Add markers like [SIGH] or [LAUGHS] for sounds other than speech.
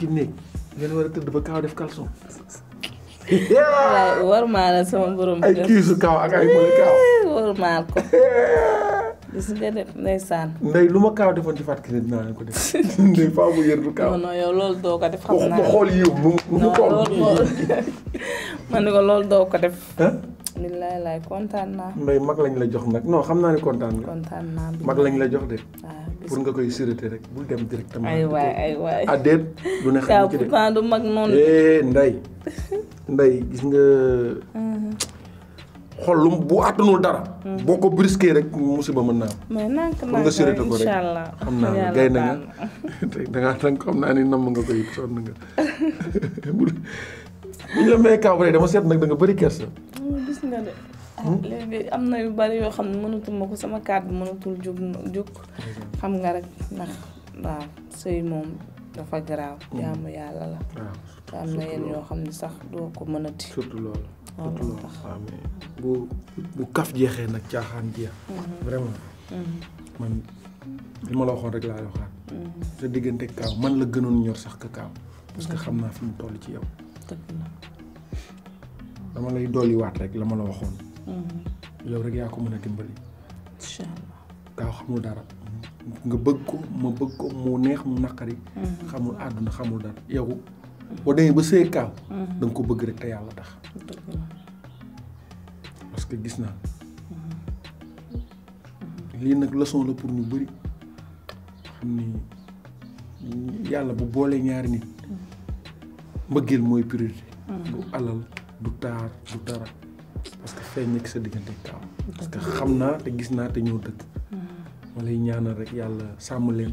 ci néeg war a tëdd ba kaaw def caleçon. waaw war maa sama borom. ay kiisu kaaw ak ay mën [LAUGHS] [LAUGHS] ndey lu ma kaaw defoon ci Fatou Kiné dinaa leen ko def [LAUGHS] ndey faa mu yër bu kaaw. xool yiw man ni ko loolu doo ko def. billaay laay kontaan naa. ndey mag lañ la jox nag non xam naa ne kontaan nga. kontaan mag lañ la jox de. pour nga koy sirete rek bul dem directement. ay waay ay waay adeet lu ne xam gis nga. Mm-hmm. xol lu bu àttanul dara. Mm. boo ko brisqué rek musiba mën naa am. mais nga sirete xam na nga. [LAUGHS] da ngaa tànk xam naa ne namm nga koy sonn nga [LAUGHS] bu ñu la may kaw rek dama seet nag da nga bëri kersa. Ah, léegi am na yu bari yoo xam ne mënatuma ko sama kàddu mënatul jug jug xam nga rek ndax waaw sëy moom dafa garaaw mm. jaamu yàlla la ah, te am na yenn yoo xam ne sax doo ko mënati surtout loolu surtout loolu ah, bu bu kaf jeexee nag caaxaan jeex mm-hmm. vraiment mm-hmm. man li ma la waxoon rek laa waxaat mm-hmm. sa diggante kaaw man la gënoon ñor sax ka kaaw parce que xam naa fi mu toll ci yow dama lay dolliwaat rek la ma la waxoon yow rek yaa ko mën a dimbali. incha xamul dara. nga bëgg ko ma bëgg ko mu neex mu naqari. xamul àdduna xamul dara yow. boo demee ba sëy kaaw. da nga ko bëgg rek te yàlla tax. parce ni yàlla ya bu boolee ñaari nit. mbëggeel hmm. mooy hmm. alal du taar feeñ nekk sa diggante taaw parce que xam naa te gis naa te ñoo dëkk mm-hmm. ma lay ñaanal rek yàlla sàmm leen